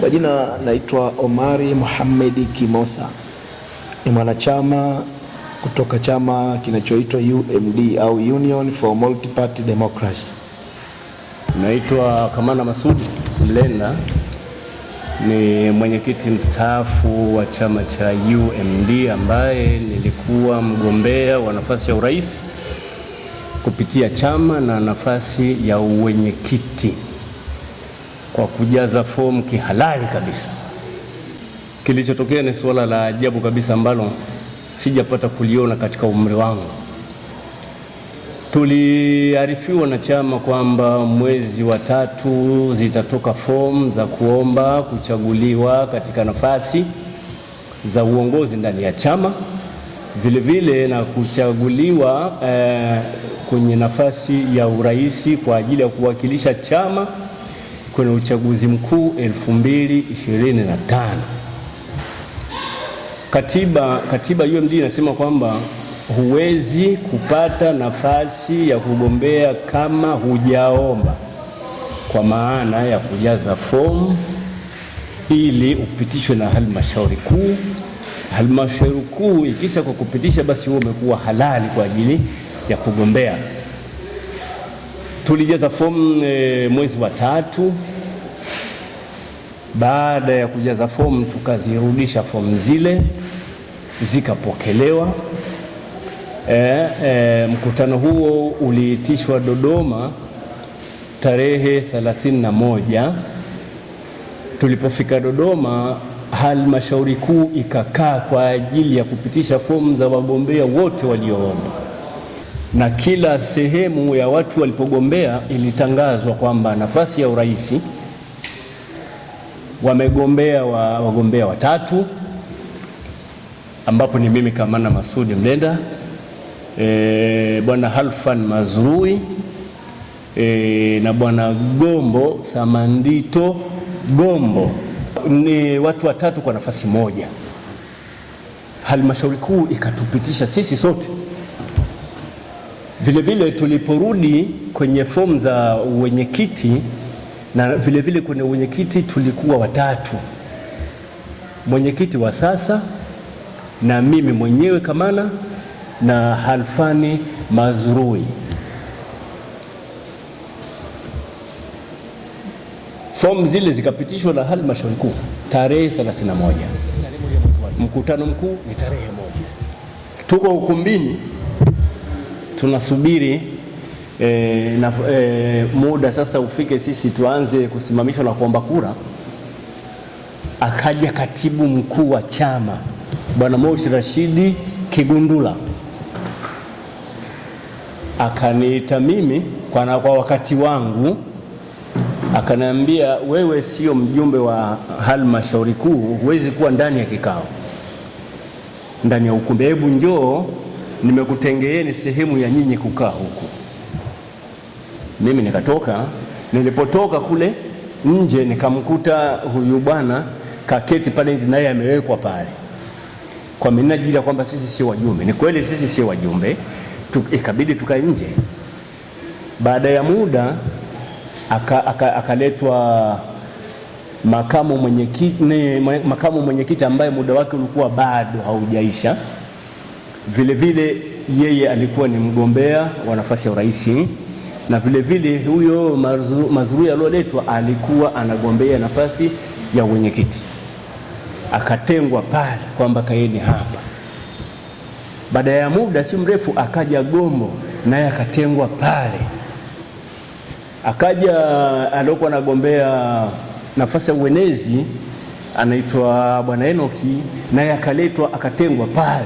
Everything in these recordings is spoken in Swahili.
Kwa jina naitwa Omari muhamedi Kimosa, ni mwanachama kutoka chama kinachoitwa UMD au Union for Multiparty Democracy. Naitwa Kamana Masudi Mlenda, ni mwenyekiti mstaafu wa chama cha UMD ambaye nilikuwa mgombea wa nafasi ya urais kupitia chama na nafasi ya uwenyekiti kwa kujaza fomu kihalali kabisa. Kilichotokea ni suala la ajabu kabisa ambalo sijapata kuliona katika umri wangu. Tuliarifiwa na chama kwamba mwezi wa tatu zitatoka fomu za kuomba kuchaguliwa katika nafasi za uongozi ndani ya chama, vile vile na kuchaguliwa eh, kwenye nafasi ya urais kwa ajili ya kuwakilisha chama kwenye uchaguzi mkuu 2025. Katiba, katiba UMD inasema kwamba huwezi kupata nafasi ya kugombea kama hujaomba, kwa maana ya kujaza fomu ili upitishwe na halmashauri kuu. Halmashauri kuu ikisha kwa kupitisha, basi wewe umekuwa halali kwa ajili ya kugombea. Tulijaza fomu e, mwezi wa tatu baada ya kujaza fomu, tukazirudisha fomu zile zikapokelewa. E, e, mkutano huo uliitishwa Dodoma tarehe 31. Tulipofika Dodoma, halmashauri kuu ikakaa kwa ajili ya kupitisha fomu za wagombea wote walioomba, na kila sehemu ya watu walipogombea ilitangazwa kwamba nafasi ya urais wamegombea wa, wagombea watatu ambapo ni mimi kamana Masudi Mlenda, e, bwana Halfan Mazrui e, na bwana Gombo Samandito Gombo. Ni watu watatu kwa nafasi moja. Halmashauri kuu ikatupitisha sisi sote vilevile. Tuliporudi kwenye fomu za wenyekiti na vilevile vile kwenye wenyekiti tulikuwa watatu, mwenyekiti wa sasa na mimi mwenyewe kamana na Halfani Mazrui. Fomu zile zikapitishwa na halmashauri kuu tarehe 31. Mkutano mkuu ni tarehe moja, tuko ukumbini tunasubiri e, na, e, muda sasa ufike sisi tuanze kusimamishwa na kuomba kura, akaja katibu mkuu wa chama Bwana Moshi Rashidi Kigundula akaniita mimi kwa, kwa wakati wangu akaniambia, wewe sio mjumbe wa halmashauri kuu, huwezi kuwa ndani ya kikao, ndani ya ukumbi. Hebu njoo, nimekutengeeni sehemu ya nyinyi kukaa huku. Mimi nikatoka, nilipotoka kule nje nikamkuta huyu bwana kaketi pale nje, naye amewekwa pale kwa minajili ya kwamba sisi sio wajumbe. Ni kweli sisi sio wajumbe, ikabidi tukae nje. Baada ya muda akaletwa aka, aka makamu mwenyekiti makamu mwenyekiti ambaye muda wake ulikuwa bado haujaisha. Vilevile yeye alikuwa ni mgombea wa nafasi ya urais na vilevile huyo Mazrui alioletwa alikuwa anagombea nafasi ya mwenyekiti, akatengwa pale kwamba kaeni hapa. Baada ya muda si mrefu akaja Gombo naye akatengwa pale. Akaja aliokuwa anagombea nafasi ya uenezi anaitwa Bwana Enoki naye akaletwa akatengwa pale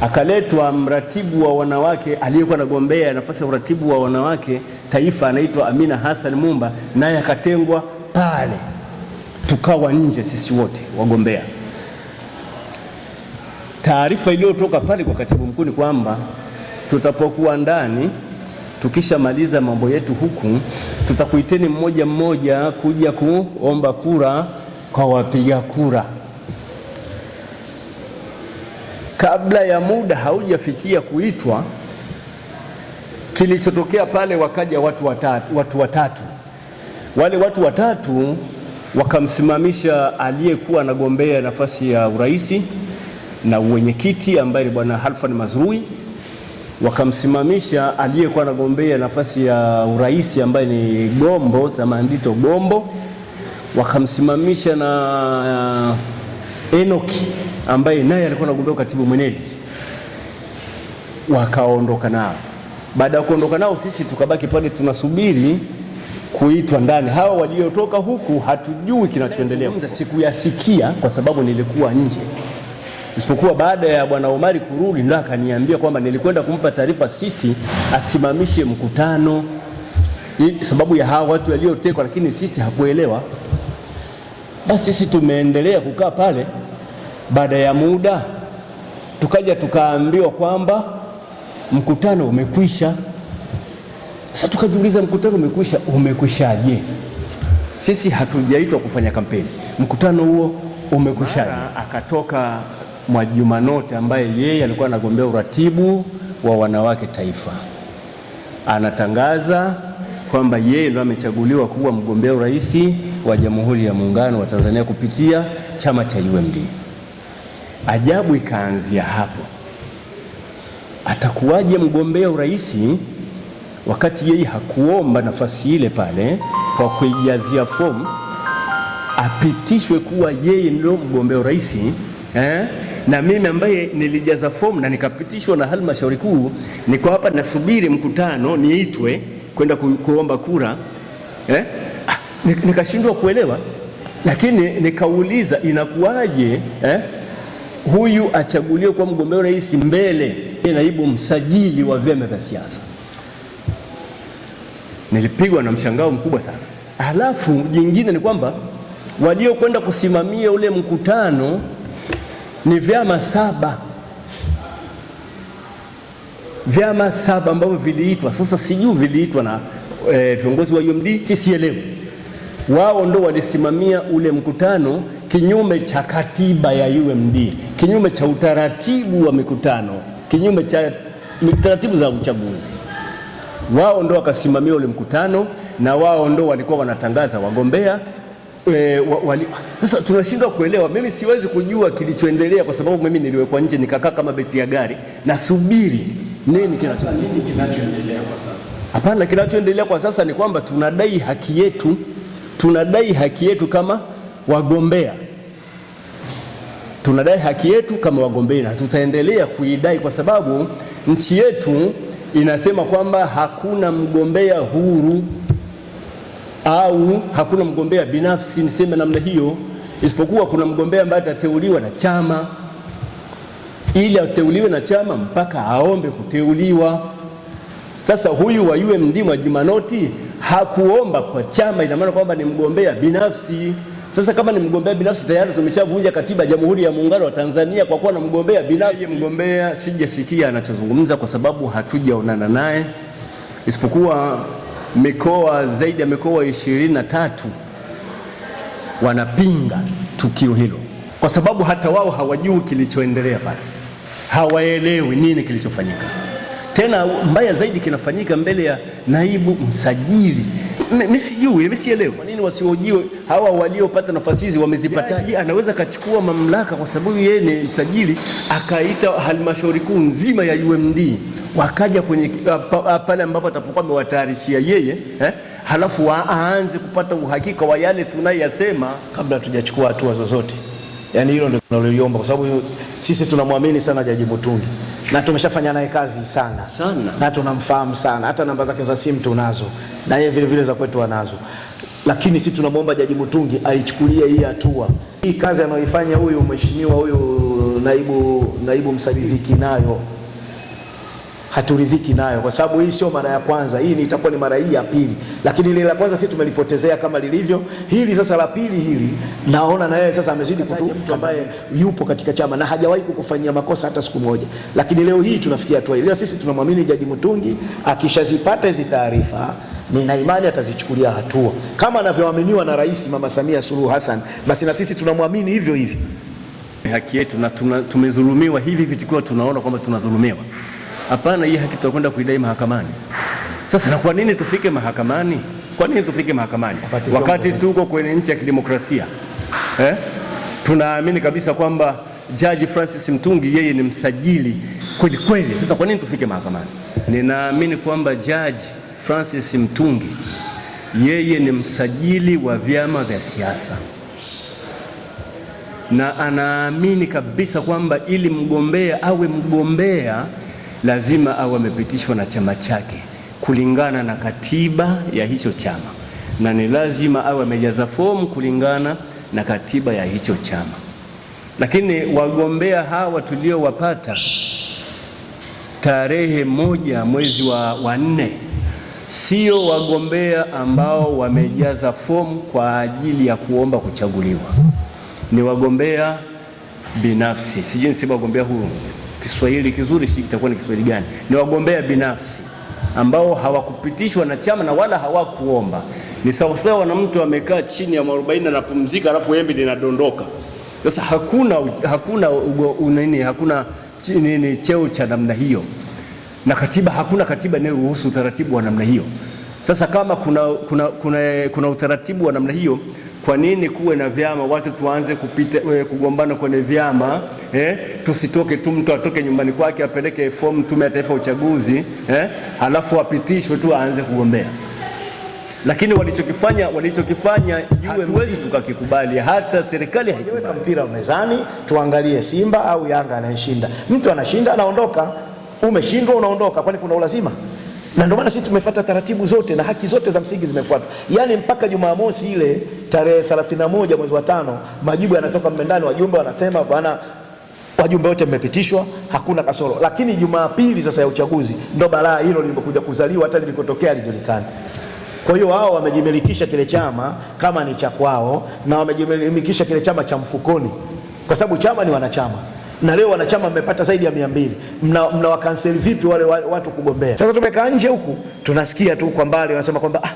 akaletwa mratibu wa wanawake aliyekuwa anagombea nafasi ya uratibu wa wanawake taifa, anaitwa Amina Hassan Mumba, naye akatengwa pale, tukawa nje sisi wote wagombea. Taarifa iliyotoka pale kwa katibu mkuu ni kwamba tutapokuwa ndani tukishamaliza mambo yetu huku, tutakuiteni mmoja mmoja kuja kuomba kura kwa wapiga kura kabla ya muda haujafikia kuitwa, kilichotokea pale, wakaja watu watatu, watu watatu. Wale watu watatu wakamsimamisha aliyekuwa anagombea nafasi ya uraisi na uwenyekiti ambaye ni bwana Halfan Mazrui, wakamsimamisha aliyekuwa anagombea nafasi ya uraisi ambaye ni Gombo Samandito Gombo, wakamsimamisha na uh, Enoki ambaye naye alikuwa anagombea katibu mwenezi, wakaondoka nao. Baada ya kuondoka nao, sisi tukabaki pale tunasubiri kuitwa ndani. Hawa waliotoka huku hatujui kinachoendelea. Sikuyasikia kwa sababu nilikuwa nje, isipokuwa baada ya bwana Omari kurudi ndo akaniambia kwamba nilikwenda kumpa taarifa Sisti asimamishe mkutano sababu ya hawa watu waliotekwa, lakini Sisti hakuelewa. Basi sisi tumeendelea kukaa pale. Baada ya muda tukaja tukaambiwa kwamba mkutano umekwisha. Sasa tukajiuliza mkutano umekwisha, umekwishaje? Sisi hatujaitwa kufanya kampeni, mkutano huo umekwishaje? Akatoka Mwajuma Note ambaye yeye alikuwa anagombea uratibu wa wanawake taifa, anatangaza kwamba yeye ndo amechaguliwa kuwa mgombea urais wa Jamhuri ya Muungano wa Tanzania kupitia chama cha UMD. Ajabu ikaanzia hapo. Atakuwaje mgombea urais wakati yeye hakuomba nafasi ile pale kwa kuijazia fomu apitishwe kuwa yeye ndio mgombea urais eh? na mimi ambaye nilijaza fomu na nikapitishwa na halmashauri kuu, niko hapa nasubiri mkutano niitwe kwenda ku, kuomba kura eh? Ah, nikashindwa kuelewa, lakini nikauliza inakuwaje eh? huyu achaguliwe kuwa mgombea urais mbele ya naibu msajili wa vyama vya siasa. Nilipigwa na mshangao mkubwa sana. Halafu jingine ni kwamba waliokwenda kusimamia ule mkutano ni vyama saba, vyama saba ambavyo viliitwa. Sasa sijui viliitwa na eh, viongozi e, wa UMD, sielewi wao ndo walisimamia ule mkutano kinyume cha katiba ya UMD, kinyume cha utaratibu wa mikutano, kinyume cha taratibu za uchaguzi. Wao ndo wakasimamia ule mkutano na wao ndo walikuwa wanatangaza wagombea. E, wali... Sasa tunashindwa kuelewa. Mimi siwezi kujua kilichoendelea kwa sababu mimi niliwekwa nje nikakaa kama beti ya gari, nasubiri nini kinachoendelea kwa sasa. Hapana, kinachoendelea kwa sasa ni kwamba tunadai haki yetu tunadai haki yetu kama wagombea, tunadai haki yetu kama wagombea, na tutaendelea kuidai kwa sababu nchi yetu inasema kwamba hakuna mgombea huru au hakuna mgombea binafsi, niseme namna hiyo, isipokuwa kuna mgombea ambaye atateuliwa na chama. Ili ateuliwe na chama, mpaka aombe kuteuliwa. Sasa huyu wa UMD Mwajimanoti hakuomba kwa chama, ina maana kwamba ni mgombea binafsi. Sasa kama ni mgombea binafsi tayari tumeshavunja katiba ya Jamhuri ya Muungano wa Tanzania kwa kuwa na mgombea binafsi. Mgombea sijasikia anachozungumza kwa sababu hatujaonana naye, isipokuwa mikoa zaidi ya mikoa ishirini na tatu wanapinga tukio hilo, kwa sababu hata wao hawajui kilichoendelea pale, hawaelewi nini kilichofanyika. Tena mbaya zaidi kinafanyika mbele ya naibu msajili. Mimi sijui, mimi sielewi kwa nini wasiojiwe hawa waliopata nafasi hizi wamezipataje? Anaweza kachukua mamlaka kwa sababu yeye ni msajili, akaita halmashauri kuu nzima ya UMD wakaja kwenye uh, uh, pale ambapo atapokuwa amewatayarishia yeye eh, halafu aanze kupata uhakika wa yale tunayoyasema kabla hatujachukua hatua zozote. Yani hilo ndio tunaloliomba kwa sababu sisi tunamwamini sana Jaji Mutungi na tumeshafanya naye kazi sana, sana, na tunamfahamu sana, hata namba zake za simu tunazo na yeye vile vile za kwetu anazo, lakini sisi tunamwomba Jaji Mutungi alichukulia hii hatua, hii kazi anayoifanya huyu mheshimiwa huyu naibu, naibu msajili Kinayo haturidhiki nayo, kwa sababu hii sio mara ya kwanza. Hii ni itakuwa ni mara hii ya pili, lakini ile la kwanza sisi tumelipotezea kama lilivyo hili. Sasa la pili hili naona na yeye sasa amezidi kutu, mtu ambaye yupo katika chama na hajawahi kukufanyia makosa hata siku moja, lakini leo hii tunafikia hatua ile. Sisi tunamwamini Jaji Mutungi akishazipata hizi taarifa nina imani atazichukulia hatua kama anavyoaminiwa na Rais Mama Samia Suluhu Hassan, basi na sisi tunamwamini hivyo hivyo. Haki yetu na tumedhulumiwa hivi hivi, tukiwa tunaona kwamba tunadhulumiwa. Hapana, hii haki tutakwenda kuidai mahakamani. Sasa na kwa nini tufike mahakamani? Kwa nini tufike mahakamani wakati, wakati tuko kwenye nchi ya kidemokrasia eh? Tunaamini kabisa kwamba Jaji Francis Mtungi yeye ni msajili kweli kweli. Sasa kwa nini tufike mahakamani? Ninaamini kwamba Jaji Francis Mtungi yeye ni msajili wa vyama vya siasa na anaamini kabisa kwamba ili mgombea awe mgombea lazima awe amepitishwa na chama chake kulingana na katiba ya hicho chama, na ni lazima awe amejaza fomu kulingana na katiba ya hicho chama. Lakini wagombea hawa tuliowapata tarehe moja mwezi wa, wa nne sio wagombea ambao wamejaza fomu kwa ajili ya kuomba kuchaguliwa, ni wagombea binafsi. Sijui nisema wagombea huru Kiswahili kizuri si kitakuwa ni Kiswahili gani? Ni wagombea binafsi ambao hawakupitishwa na chama na wala hawakuomba. Ni sawasawa na mtu amekaa chini ya mwarobaini anapumzika, alafu embe linadondoka. Sasa hakuna, hakuna, unini, hakuna nini cheo cha namna hiyo, na katiba, hakuna katiba inayoruhusu utaratibu wa namna hiyo. Sasa kama kuna, kuna, kuna, kuna utaratibu wa namna hiyo kwa nini kuwe na vyama? Watu tuanze kupita eh, kugombana kwenye vyama eh? Tusitoke tu, mtu atoke nyumbani kwake apeleke fomu Tume ya Taifa ya Uchaguzi eh? Halafu apitishwe tu aanze kugombea. Lakini walichokifanya walichokifanya hatuwezi tukakikubali, hata serikali haijaweka mpira mezani. Tuangalie Simba au Yanga anayeshinda, mtu anashinda anaondoka. Umeshindwa unaondoka, kwani kuna ulazima? na ndio maana sisi tumefuata taratibu zote na haki zote za msingi zimefuatwa, yaani mpaka Jumamosi ile tarehe 31 mwezi wa tano, majibu yanatoka mmendani, wajumbe wanasema bwana wajumbe wote mmepitishwa, hakuna kasoro. Lakini Jumapili sasa ya uchaguzi ndo balaa hilo lilipokuja kuzaliwa, hata lilikotokea lijulikana. Kwa hiyo wao wamejimilikisha kile chama kama ni cha kwao, na wamejimilikisha kile chama cha mfukoni, kwa sababu chama ni wanachama na leo wanachama mmepata zaidi ya mia Mna, mna wakansel vipi wale watu kugombea? Sasa tumekaa nje huku tunasikia tu kwa mbali wanasema kwamba ah,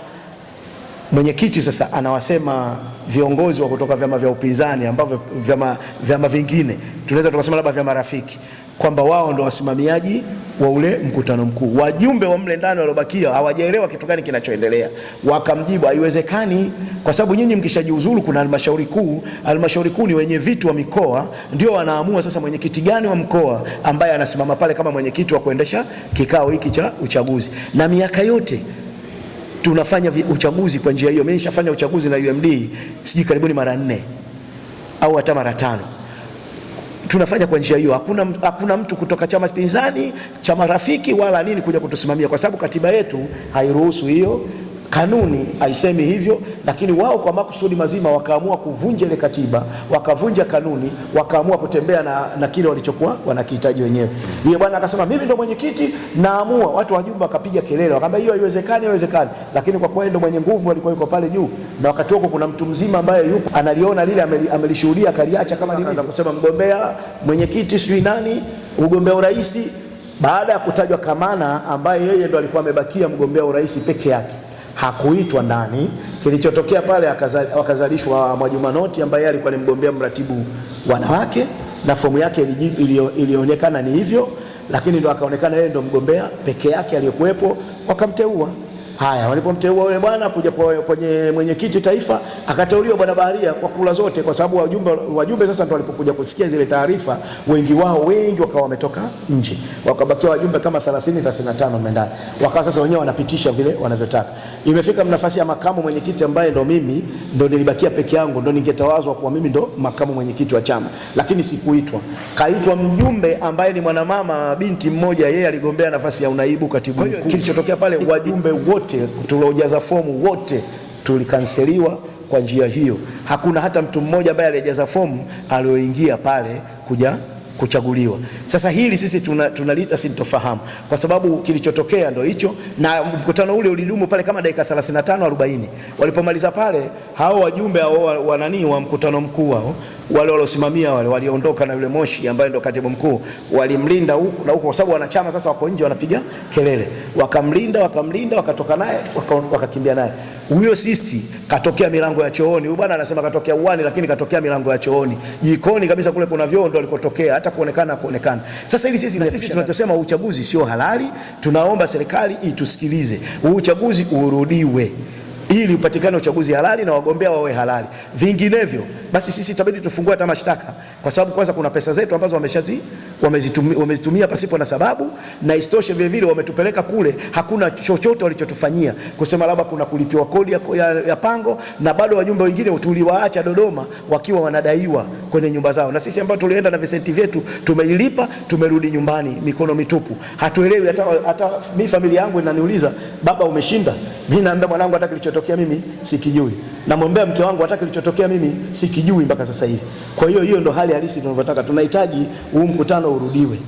mwenyekiti sasa anawasema viongozi wa kutoka vyama vya upinzani ambavyo vyama, vyama vingine tunaweza tukasema labda vyama rafiki kwamba wao ndo wasimamiaji wa ule mkutano mkuu. Wajumbe wa mle ndani waliobakia hawajaelewa kitu gani kinachoendelea, wakamjibu haiwezekani, kwa sababu nyinyi mkishajiuzulu kuna halmashauri kuu. Halmashauri kuu ni wenye viti wa mikoa, ndio wanaamua sasa mwenyekiti gani wa mkoa ambaye anasimama pale kama mwenyekiti wa kuendesha kikao hiki cha uchaguzi. Na miaka yote tunafanya uchaguzi kwa njia hiyo. Mimi nishafanya uchaguzi na UMD sijui karibuni mara nne au hata mara tano tunafanya kwa njia hiyo. Hakuna, hakuna mtu kutoka chama pinzani, chama rafiki wala nini kuja kutusimamia, kwa sababu katiba yetu hairuhusu hiyo. Kanuni haisemi hivyo, lakini wao kwa makusudi mazima wakaamua kuvunja ile katiba, wakavunja kanuni, wakaamua kutembea na, na kile walichokuwa wanakihitaji wenyewe. Yule bwana akasema mimi ndo mwenyekiti naamua. Watu wa jumba wakapiga kelele, wakaambia hiyo haiwezekani, haiwezekani. Lakini kwa kuwa ndo mwenye nguvu, alikuwa yuko pale juu, na wakati huko kuna mtu mzima ambaye yupo analiona lile, amelishuhudia, akaliacha kama lilivyo, kusema mgombea mwenyekiti, sijui nani, ugombea urais, baada ya kutajwa kamana ambaye yeye ndo alikuwa amebakia mgombea urais peke yake hakuitwa ndani. Kilichotokea pale wakazalishwa Mwajuma Noti ambaye alikuwa ni mgombea mratibu wanawake na fomu yake ilionekana ni hivyo, lakini ndo akaonekana yeye ndo mgombea peke yake aliyokuwepo, wakamteua. Haya, walipomteua yule bwana kuja kwenye mwenyekiti taifa, akateuliwa bwana Baharia kwa kula zote, kwa sababu wajumbe, wajumbe sasa ndio walipokuja kusikia zile taarifa, wengi wao wengi wakawa wametoka nje, wakabakiwa wajumbe kama 30 35 mendani, wakawa sasa wenyewe wanapitisha vile wanavyotaka. Imefika nafasi ya makamu mwenyekiti ambaye ndo mimi ndo nilibakia peke yangu, ndo ningetawazwa kuwa mimi ndo makamu mwenyekiti wa chama, lakini sikuitwa. Kaitwa mjumbe ambaye ni mwanamama binti mmoja, yeye aligombea nafasi ya unaibu katibu mkuu. Kilichotokea pale wajumbe wote wote tuliojaza fomu wote tulikanseliwa kwa njia hiyo. Hakuna hata mtu mmoja ambaye alijaza fomu alioingia pale kuja kuchaguliwa. Sasa hili sisi tunaliita sintofahamu, kwa sababu kilichotokea ndo hicho, na mkutano ule ulidumu pale kama dakika 35 40. Walipomaliza pale hao wajumbe hao wa nani wa mkutano mkuu wao wale waliosimamia wale waliondoka na yule Moshi ambaye ndo katibu mkuu walimlinda huku na huko, kwa sababu wanachama sasa wako nje wanapiga kelele, wakamlinda wakamlinda, wakatoka naye wakakimbia naye. Huyo sisi katokea milango ya chooni, huyu bwana anasema katokea uani, lakini katokea milango ya chooni, jikoni kabisa kule kuna vyoo ndo alikotokea, hata kuonekana kuonekana. Sasa hivi sisi na sisi tunachosema uchaguzi sio halali, tunaomba serikali itusikilize, uchaguzi urudiwe ili upatikane uchaguzi halali na wagombea wawe halali, vinginevyo basi sisi itabidi tufungue hata mashtaka, kwa sababu kwanza kuna pesa zetu ambazo wameshazi wamezitumia, wamezitumia pasipo na sababu, na isitoshe vile vile wametupeleka kule, hakuna chochote walichotufanyia kusema labda kuna kulipiwa kodi ya, ya, ya pango, na bado wajumbe wengine tuliwaacha Dodoma wakiwa wanadaiwa kwenye nyumba zao, na sisi ambao tulienda na visenti vyetu tumeilipa, tumerudi nyumbani mikono mitupu, hatuelewi hata, hata mi familia yangu inaniuliza baba, umeshinda? Mimi naambia mwanangu, hata kilichotokea mimi sikijui, namwambia mke wangu, hata kilichotokea mimi sikijui sijui mpaka sasa hivi. Kwa hiyo hiyo ndo hali halisi tunavyotaka. Tunahitaji huu mkutano urudiwe,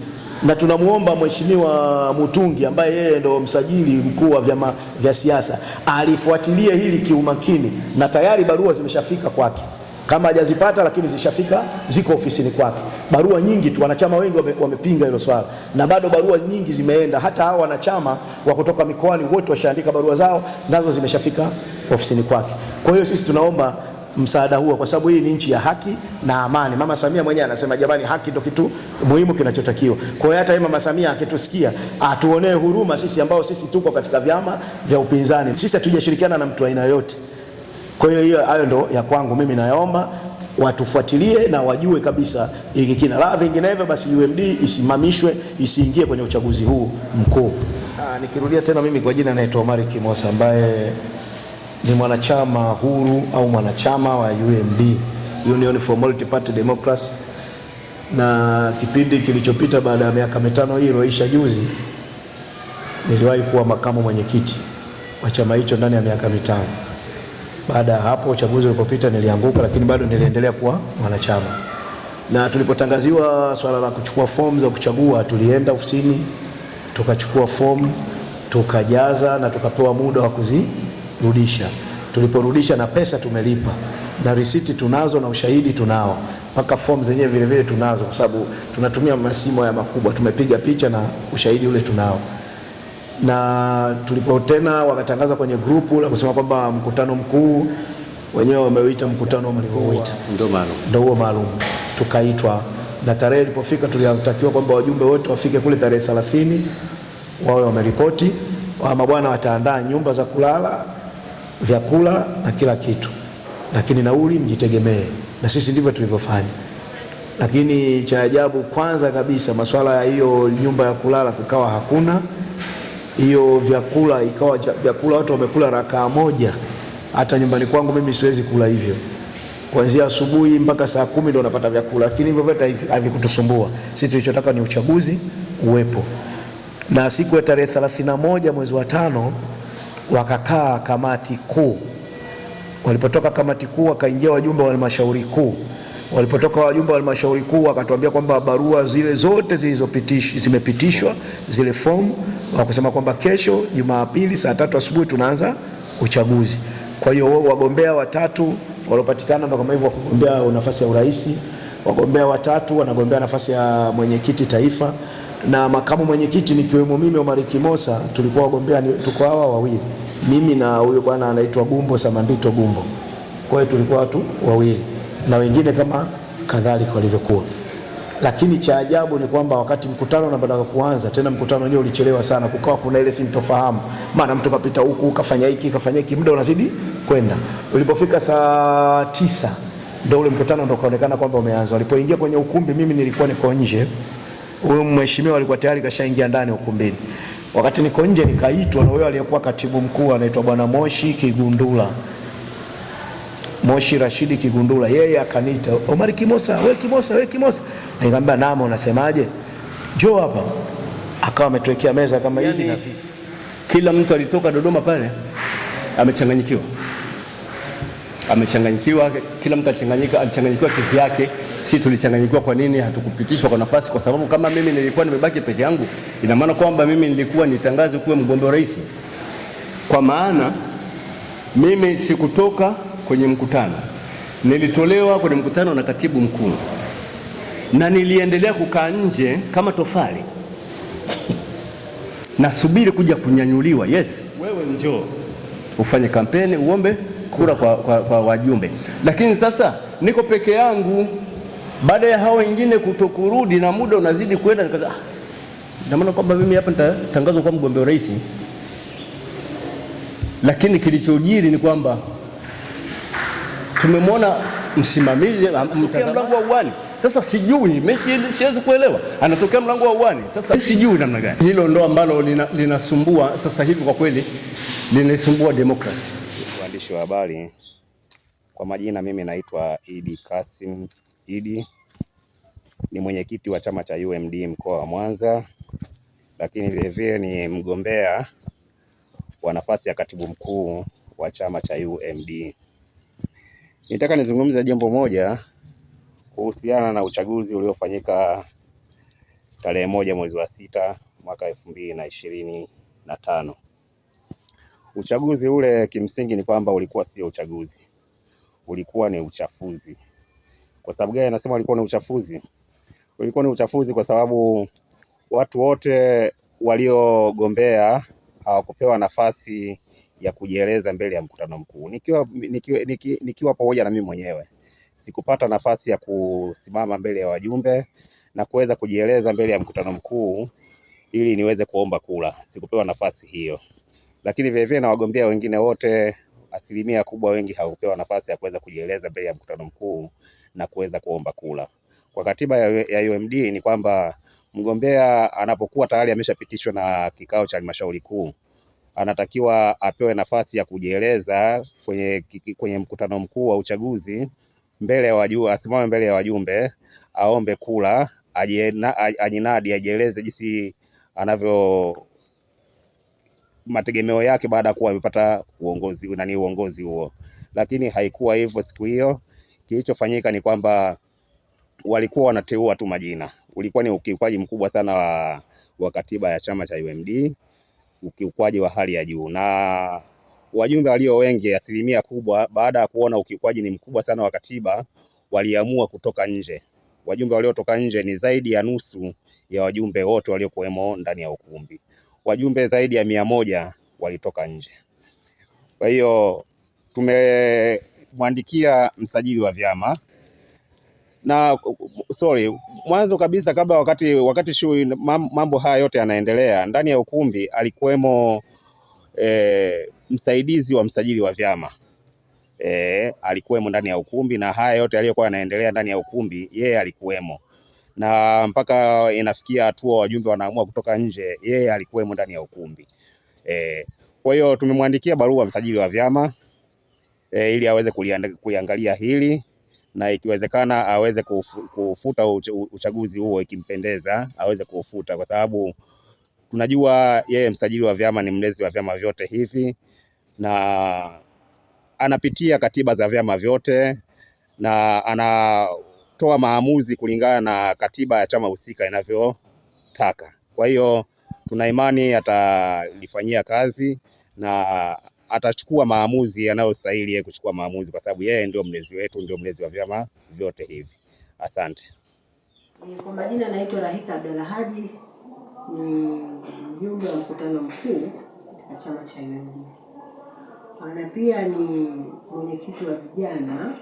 na tunamwomba Mheshimiwa Mutungi ambaye yeye ndo msajili mkuu wa vyama vya siasa alifuatilie hili kiumakini, na tayari barua zimeshafika kwake kama hajazipata lakini zishafika, ziko ofisini kwake. Barua nyingi tu, wanachama wengi wame, wamepinga hilo swala, na bado barua nyingi zimeenda. Hata hao wanachama wa kutoka mikoani wote washaandika barua zao, nazo zimeshafika ofisini kwake. Kwa hiyo sisi tunaomba msaada huo, kwa sababu hii ni nchi ya haki na amani. Mama Samia mwenyewe anasema jamani, haki ndio kitu muhimu kinachotakiwa. Kwa hiyo hata yeye Mama Samia akitusikia, atuonee huruma sisi ambao sisi tuko katika vyama vya upinzani, sisi hatujashirikiana na mtu aina yoyote. Kwa hiyo hiyo, hayo ndio ya kwangu mimi, naomba watufuatilie na wajue kabisa hiki kina la, vinginevyo basi UMD isimamishwe isiingie kwenye uchaguzi huu mkuu. Ah, nikirudia tena, mimi kwa jina naitwa Omari Kimosa ambaye ni mwanachama huru au mwanachama wa UMD, Union for Multi-Party Democracy, na kipindi kilichopita baada ya miaka mitano hii iliyoisha juzi, niliwahi kuwa makamu mwenyekiti wa chama hicho ndani ya miaka mitano. Baada ya hapo, uchaguzi ulipopita nilianguka, lakini bado niliendelea kuwa mwanachama. Na tulipotangaziwa swala la kuchukua fomu za kuchagua, tulienda ofisini tukachukua fomu tukajaza na tukapewa muda wa kuzi rudisha. Tuliporudisha na pesa tumelipa na risiti tunazo na ushahidi tunao, mpaka fomu zenyewe vile vile tunazo, kwa sababu tunatumia masimu haya makubwa, tumepiga picha na ushahidi ule tunao. Na tulipo tena wakatangaza kwenye grupu la kusema kwamba mkutano mkuu wenyewe wameuita mkutano mlivyouita ndio huo maalum, tukaitwa na tarehe ilipofika, tulitakiwa kwamba wajumbe wote wafike kule tarehe 30 wawe wameripoti, ama bwana wataandaa nyumba za kulala vyakula na kila kitu, lakini nauli mjitegemee, na sisi ndivyo tulivyofanya. Lakini cha ajabu kwanza kabisa, masuala ya hiyo nyumba ya kulala kukawa hakuna, hiyo vyakula ikawa vyakula watu wamekula rakaa moja. Hata nyumbani kwangu mimi siwezi kula hivyo, kuanzia asubuhi mpaka saa kumi ndio napata vyakula, lakini hivyo vyote havikutusumbua sisi. Tulichotaka ni uchaguzi uwepo, na siku ya tarehe 31 mwezi wa tano wakakaa kamati kuu. Walipotoka kamati kuu, wakaingia wajumbe wa halmashauri kuu. Walipotoka wajumbe wa halmashauri kuu, wakatuambia kwamba barua zile zote zilizopitishwa zimepitishwa, zile fomu, wakusema kwamba kesho Jumapili saa tatu asubuhi tunaanza uchaguzi. Kwa hiyo wagombea watatu waliopatikana ndio kama hivyo, wakugombea nafasi ya urais, wagombea watatu wanagombea nafasi ya mwenyekiti taifa na makamu mwenyekiti nikiwemo mimi Omari Kimosa, tulikuwa wagombea, tuko hawa wawili, mimi na huyo bwana anaitwa Gumbo Samambito Gumbo. Kwa hiyo tulikuwa watu wawili na wengine kama kadhalika walivyokuwa, lakini cha ajabu ni kwamba wakati mkutano unataka kuanza tena, mkutano wenyewe ulichelewa sana, kukawa kuna ile sintofahamu, maana mtu kapita huku kafanya hiki kafanya hiki, muda unazidi kwenda. Ulipofika saa tisa ndio ule mkutano ndio kaonekana kwamba umeanza. Walipoingia kwenye ukumbi, mimi nilikuwa niko nje huyo mheshimiwa alikuwa tayari kashaingia ndani ukumbini. Wakati niko nje nikaitwa na huyo aliyekuwa katibu mkuu anaitwa Bwana Moshi Kigundula. Moshi Rashidi Kigundula, yeye akaniita, "Omari Kimosa, we Kimosa, we Kimosa. Nikamwambia namo, unasemaje? Njoo hapa. Akawa ametuwekea meza kama hivi yaani, na viti. Kila mtu alitoka Dodoma pale amechanganyikiwa amechanganyikiwa, kila mtu alichanganyika, alichanganyikiwa kivi yake. Sisi tulichanganyikiwa, kwa nini hatukupitishwa kwa nafasi? Kwa sababu kama mimi nilikuwa nimebaki peke yangu, ina maana kwamba mimi nilikuwa nitangaze kuwa mgombea rais, kwa maana mimi sikutoka kwenye mkutano, nilitolewa kwenye mkutano na katibu mkuu, na niliendelea kukaa nje kama tofali nasubiri kuja kunyanyuliwa. Yes, wewe njoo ufanye kampeni, uombe kura kwa, kwa, kwa wajumbe, lakini sasa niko peke yangu. Baada ya hao wengine kutokurudi na muda unazidi kwenda, nikasema ah, na maana kwamba mimi hapa nitatangazwa kwa mgombea urais, lakini kilichojiri ni kwamba tumemwona msimamizi anatokea ah, mlango wa uani. Sasa sijui mimi, siwezi kuelewa, anatokea mlango wa uani. Sasa sijui namna gani hilo ndo ambalo linasumbua lina sasa hivi kwa kweli linasumbua demokrasi waandishi wa habari, kwa majina mimi naitwa Idi Kasim Idi, ni mwenyekiti wa chama cha UMD mkoa wa Mwanza, lakini vilevile ni mgombea wa nafasi ya katibu mkuu wa chama cha UMD. Nitaka nizungumze jambo moja kuhusiana na uchaguzi uliofanyika tarehe moja mwezi wa sita mwaka elfu mbili na ishirini na tano. Uchaguzi ule kimsingi ni kwamba ulikuwa sio uchaguzi, ulikuwa ni uchafuzi. Kwa sababu gani anasema ulikuwa ni uchafuzi? Ulikuwa ni uchafuzi kwa sababu watu wote waliogombea hawakupewa nafasi ya kujieleza mbele ya mkutano mkuu. Nikiwa, nikiwa, nikiwa, nikiwa pamoja na mimi mwenyewe sikupata nafasi ya kusimama mbele ya wajumbe na kuweza kujieleza mbele ya mkutano mkuu ili niweze kuomba kura, sikupewa nafasi hiyo lakini vilevile na wagombea wengine wote asilimia kubwa wengi haupewa nafasi ya kuweza kujieleza mbele ya mkutano mkuu na kuweza kuomba kula. Kwa katiba ya UMD ni kwamba mgombea anapokuwa tayari ameshapitishwa na kikao cha halmashauri kuu anatakiwa apewe nafasi ya kujieleza kwenye, kwenye mkutano mkuu wa uchaguzi mbele ya wajumbe, asimame mbele ya wajumbe aombe kula, ajinadi, ajieleze jinsi anavyo mategemeo yake baada ya kuwa amepata uongozi nani uongozi huo, lakini haikuwa hivyo siku hiyo. Kilichofanyika ni kwamba walikuwa wanateua tu majina. Ulikuwa ni ukiukwaji mkubwa sana wa, wa katiba ya chama cha UMD, ukiukwaji wa hali ya juu, na wajumbe walio wengi, asilimia kubwa, baada ya kuona ukiukwaji ni mkubwa sana wa katiba, waliamua kutoka nje. Wajumbe waliotoka nje ni zaidi ya nusu ya wajumbe wote waliokuwemo ndani ya ukumbi wajumbe zaidi ya mia moja walitoka nje. Kwa hiyo tumemwandikia msajili wa vyama na sorry, mwanzo kabisa kabla, wakati wakati shughuli mambo haya yote yanaendelea ndani ya ukumbi, alikuwemo e, msaidizi wa msajili wa vyama e, alikuwemo ndani ya ukumbi, na haya yote aliyokuwa yanaendelea ndani ya ukumbi, yeye alikuwemo na mpaka inafikia hatua wajumbe wanaamua kutoka nje, yeye alikuwemo ndani ya ukumbi e. Kwa hiyo tumemwandikia barua msajili wa vyama e, ili aweze kuliangalia hili na ikiwezekana aweze kufuta uchaguzi huo, ikimpendeza aweze kuufuta, kwa sababu tunajua yeye msajili wa vyama ni mlezi wa vyama vyote hivi na anapitia katiba za vyama vyote na ana kutoa maamuzi kulingana na katiba ya chama husika inavyotaka. Kwa hiyo tuna imani atalifanyia kazi na atachukua maamuzi yanayostahili yeye kuchukua maamuzi, kwa sababu yeye ndio mlezi wetu, ndio mlezi wa vyama vyote hivi. Asante. Kwa majina naitwa Rahika Abdulahaji, ni mjumbe wa mkutano mkuu wa chama cha UMD na pia ni mwenyekiti wa vijana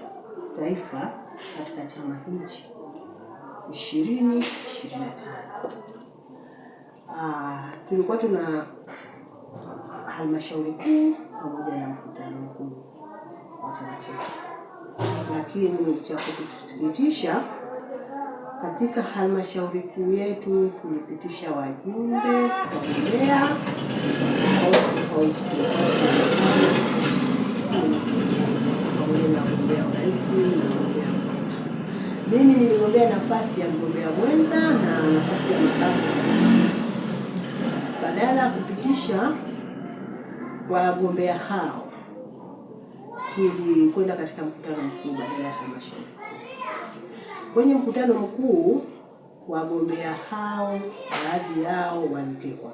taifa katika chama hichi ishirini ishirini na tano. Ah, tulikuwa tuna halmashauri kuu pamoja na mkutano mkuu wa chama chetu, lakini cha kutusikitisha katika halmashauri kuu yetu tulipitisha wajumbe kugombea tofauti tofauti, pamoja na wagombea urais mimi niligombea nafasi ya mgombea mwenza na nafasi ya makamu. Badala ya kupitisha wagombea hao, tulikwenda katika mkutano mkuu badala ya halmashauri. Kwenye mkutano mkuu, wagombea hao baadhi yao walitekwa,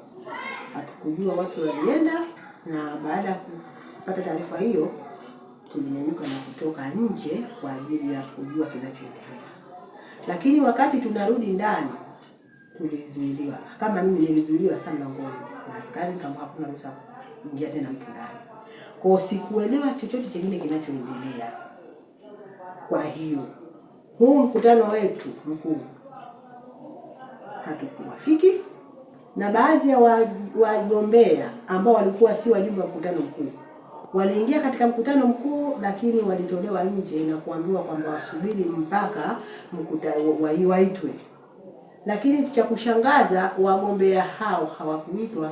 hatukujua watu walienda, na baada ya kupata taarifa hiyo tulinyanyuka na kutoka nje kwa ajili ya kujua kinachoendelea lakini wakati tunarudi ndani tulizuiliwa. Kama mimi nilizuiliwa sana mlangoni na askari, kama hakuna ruhusa kuingia tena mtu ndani, kwa sikuelewa chochote chengine kinachoendelea. Kwa hiyo huu mkutano wetu mkuu hatukuwafiki, na baadhi ya wagombea ambao walikuwa si wajumbe wa mkutano mkuu Waliingia katika mkutano mkuu, lakini walitolewa nje na kuambiwa kwamba wasubiri mpaka mkutano waitwe. Lakini cha kushangaza, wagombea hao hawakuitwa.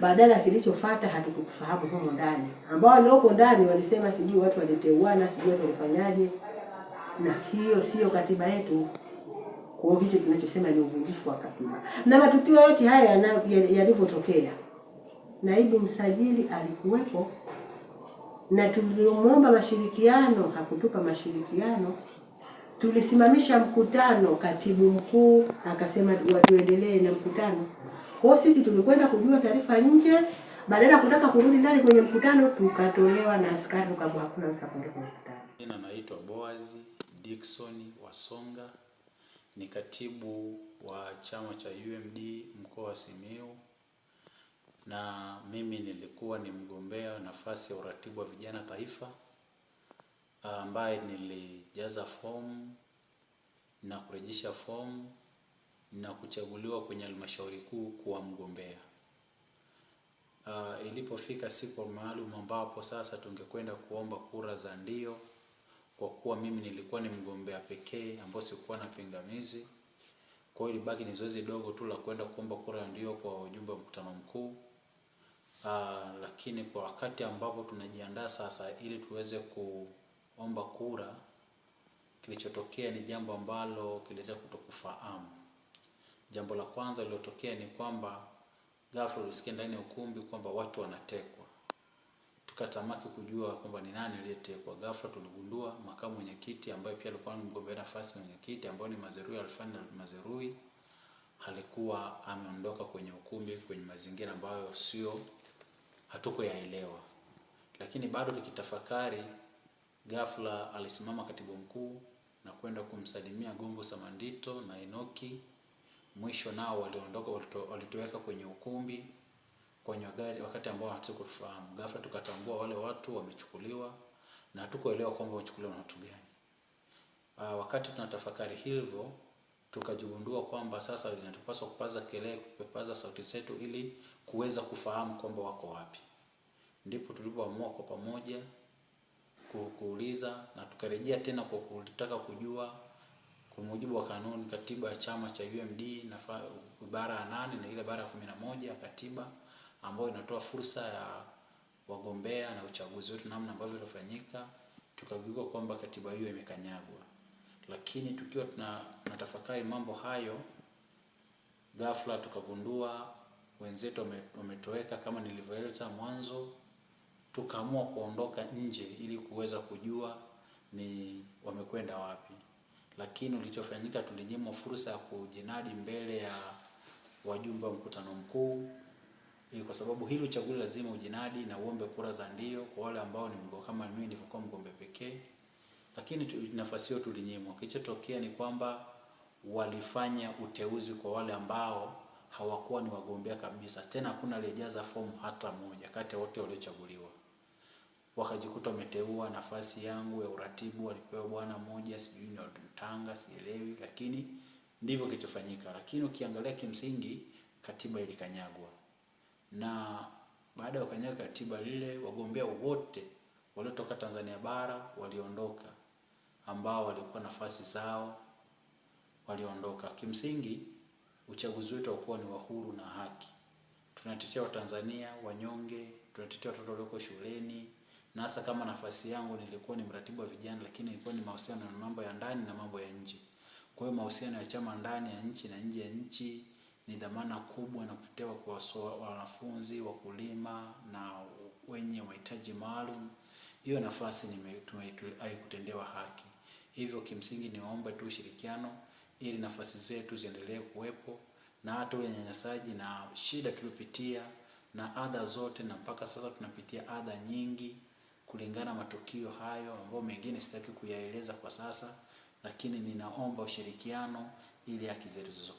Badala kilichofuata, hatukufahamu humo ndani. Ambao walioko ndani walisema sijui watu waliteuana, sijui watu walifanyaje, na hiyo siyo katiba yetu. Kwa hiyo hicho tunachosema ni uvunjifu wa katiba, na matukio yote haya ya naibu msajili alikuwepo na tulimwomba mashirikiano, hakutupa mashirikiano. Tulisimamisha mkutano, katibu mkuu akasema watuendelee na mkutano. Kwa hiyo sisi tulikwenda kujua taarifa nje, badala ya kutaka kurudi ndani kwenye mkutano, tukatolewa na askari, kwa hakuna msakundi kwenye mkutano. Jina naitwa Boazi Dickson Wasonga, ni katibu wa chama cha UMD mkoa wa Simiyu na mimi nilikuwa ni mgombea nafasi ya uratibu wa vijana taifa ambaye nilijaza fomu na kurejesha fomu na kuchaguliwa kwenye halmashauri kuu kuwa mgombea. Uh, ilipofika siku maalum ambapo sasa tungekwenda kuomba kura za ndio, kwa kuwa mimi nilikuwa ni mgombea pekee ambao sikuwa na pingamizi, kwa hiyo ilibaki ni zoezi dogo tu la kwenda kuomba kura ndio kwa wajumbe wa mkutano mkuu Uh, lakini kwa wakati ambapo tunajiandaa sasa ili tuweze kuomba kura, kilichotokea ni jambo ambalo kilileta kutokufahamu. Jambo la kwanza lililotokea ni kwamba ghafla ulisikia ndani ya ukumbi kwamba watu wanatekwa, tukatamaki kujua kwamba ni nani aliyetekwa. Ghafla tuligundua makamu mwenyekiti ambaye pia alikuwa mgombea nafasi mwenyekiti ambaye ni Mazerui Alfani Mazerui alikuwa ameondoka kwenye ukumbi kwenye mazingira ambayo sio hatukuyaelewa, lakini bado tukitafakari, ghafla alisimama katibu mkuu na kwenda kumsalimia Gombo Samandito na Enoki. Mwisho nao waliondoka, walitoweka kwenye ukumbi kwenye gari wakati ambao hatukufahamu. Ghafla tukatambua wale watu wamechukuliwa na hatukuelewa kwamba wamechukuliwa na watu gani. Uh, wakati tunatafakari hivyo tukajigundua kwamba sasa inatupaswa kupaza kelele, kupaza sauti zetu ili kuweza kufahamu kwamba wako wapi. Ndipo tulipoamua kwa pamoja kuuliza na tukarejea tena kwa kutaka kujua kwa mujibu wa kanuni katiba ya chama cha UMD na ibara ya nane na ile ibara ya kumi na moja ya katiba ambayo inatoa fursa ya wagombea na uchaguzi wetu namna ambavyo ilifanyika, tukagundua kwamba katiba hiyo imekanyagwa. Lakini tukiwa tunatafakari mambo hayo, ghafla tukagundua wenzetu wametoweka, kama nilivyoeleza mwanzo. Tukaamua kuondoka nje ili kuweza kujua ni wamekwenda wapi, lakini ulichofanyika, tulinyimwa fursa ya kujinadi mbele ya wajumbe wa mkutano mkuu, kwa sababu hili uchaguzi lazima ujinadi na uombe kura za ndio kwa wale ambao ni mgo, kama mimi nilivyokuwa mgombe pekee lakini nafasi hiyo tulinyimwa. Kilichotokea ni kwamba walifanya uteuzi kwa wale ambao hawakuwa ni wagombea kabisa, tena hakuna aliyejaza fomu hata moja kati ya wote waliochaguliwa. Wakajikuta wameteua nafasi yangu ya uratibu, walipewa bwana mmoja, sijui ni Tanga, sielewi, lakini ndivyo kilichofanyika. Lakini ukiangalia kimsingi, katiba ilikanyagwa, na baada ya kukanyaga katiba lile, wagombea wote waliotoka Tanzania bara waliondoka ambao walikuwa nafasi zao waliondoka. Kimsingi uchaguzi wetu haukuwa ni wa huru na haki. Tunatetea Watanzania wanyonge, tunatetea watoto walioko shuleni, na hasa kama nafasi yangu nilikuwa ni mratibu wa vijana, lakini ilikuwa ni mahusiano na mambo ya ndani na mambo ya nje. Kwa hiyo mahusiano ya chama ndani ya nchi na nje ya nchi ni dhamana kubwa na kutetea kwa wanafunzi, wakulima na wenye mahitaji maalum. Hiyo nafasi haikutendewa haki. Hivyo kimsingi niwaombe tu ushirikiano ili nafasi zetu ziendelee kuwepo na hata ule nyanyasaji na shida tuliopitia na adha zote, na mpaka sasa tunapitia adha nyingi kulingana matukio hayo ambayo mengine sitaki kuyaeleza kwa sasa, lakini ninaomba ushirikiano ili haki zetu zizo